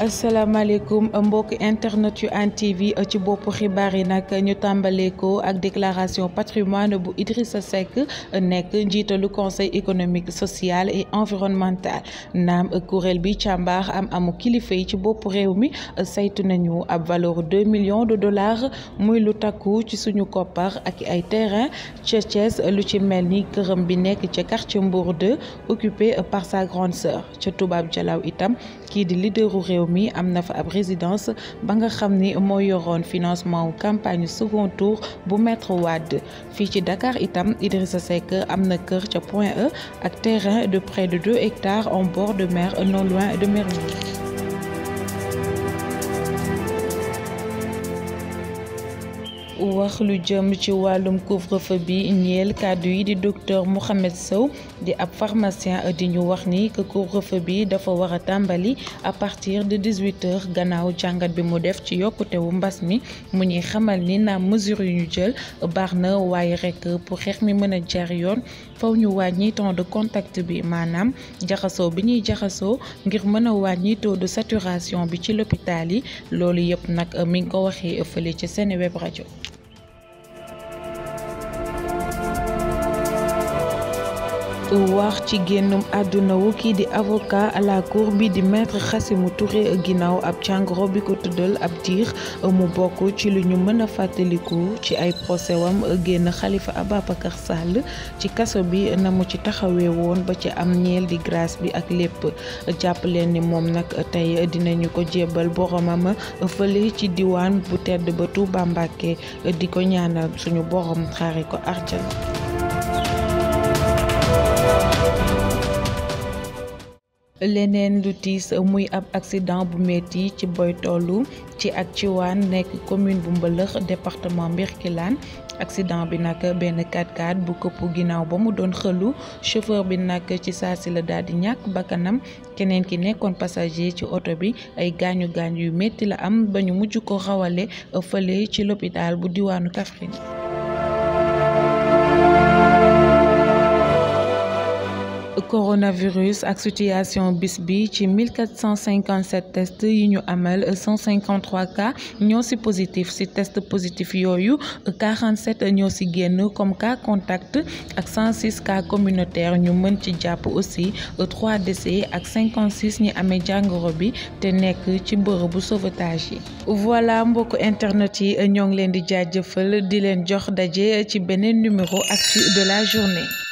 asalaamaaleykum mbokk internet yu Antv. TV ci bop xibar yi ñu tambalé ko ak déclaration patrimoine bu Idrissa Seck nek njitalu conseil économique social et environnemental Nam Kurelbi bi am amu kilifa yi ci bop rewmi nañu ab valeur 2 millions de dollars muy lu takku ci suñu koppar ak ay terrain ca Thiès lu ci melni kërëm bi quartier Mbour 2 occupé par sa grande sœur ci Toubab Dialaw itam ki di leaderu réew mi amna fa ab résidence ba nga xamni financement campagne second tour bu maître Wade fi ci Dakar itam Idrissa Seck amna kër Point E ak terrain de près de 2 hectares en bord de mer non loin de Mermoz wax lu jëm ci wàllum couvre-feu bi ñeel kàddu yi di docteur Mouhamed Sow di ab pharmacien di ñu wax ni que couvre-feu bi dafa war a tàmbali à partir de 18 heures gannaaw jàngat bi mu def ci wu mbas mi mu ñuy xamal ni naam mesure yu ñu jël baax na waaye rek pour xeex mi mën a jaar yoon faw ñu wàññi temps de contact bi maanaam jaxasoo bi ñuy jaxasoo ngir mën a wàññi taux de saturation bi ci l'hôpital yi loolu yëpp nag mi ngi ko waxee fële ci seen web rajo wax ci génnum àdduna wu kii di avocat à la cour bi di maître Khassimou Touré ginnaaw ab càngoro bi ko tuddal ab diir mu bokk ci lu ñu mën fàttaliku ci ay procès wam génn Khalifa Ababacar Sall ci kaso bi na mu ci taxawee woon ba ci am ñeel di grâce bi ak lépp jàpp leen ni moom nag tey dinañu ko jébbal boromam fële ci diwaan bu tedd ba Touba Mbacké di ko ñaanal suñu borom xaare ko arjana leneen lu tiis muy ab accident bu metti ci boy tollu ci ak ci waan nekk commune bu Mbëlëx département Birkilane accident bi nag benn 4 x bu këpp ginnaaw ba mu doon xëlu chauffeur bi nag ci saa la daal di ñàkk bakkanam keneen ki nekkoon passager ci oto bi ay gaañu gaañu yu metti la am ba ñu mujj ko xawale fële ci l'hôpital bu diwaanu Kaffrine coronavirus ak situation bis bi ci 1457 tests ñu amal 153 cas ñoo ci positif ci test positif yoyu 47 ñoo ci génn comme cas contact ak 106 cas communautaire ñu mën ci japp aussi 3 décès ak 56 ñi amé jangoro bi té nekk ci bu sauvetage voilà mbokk internet yi ñong leen di jaajëfal di leen jox dajé ci benen numéro actu de la journée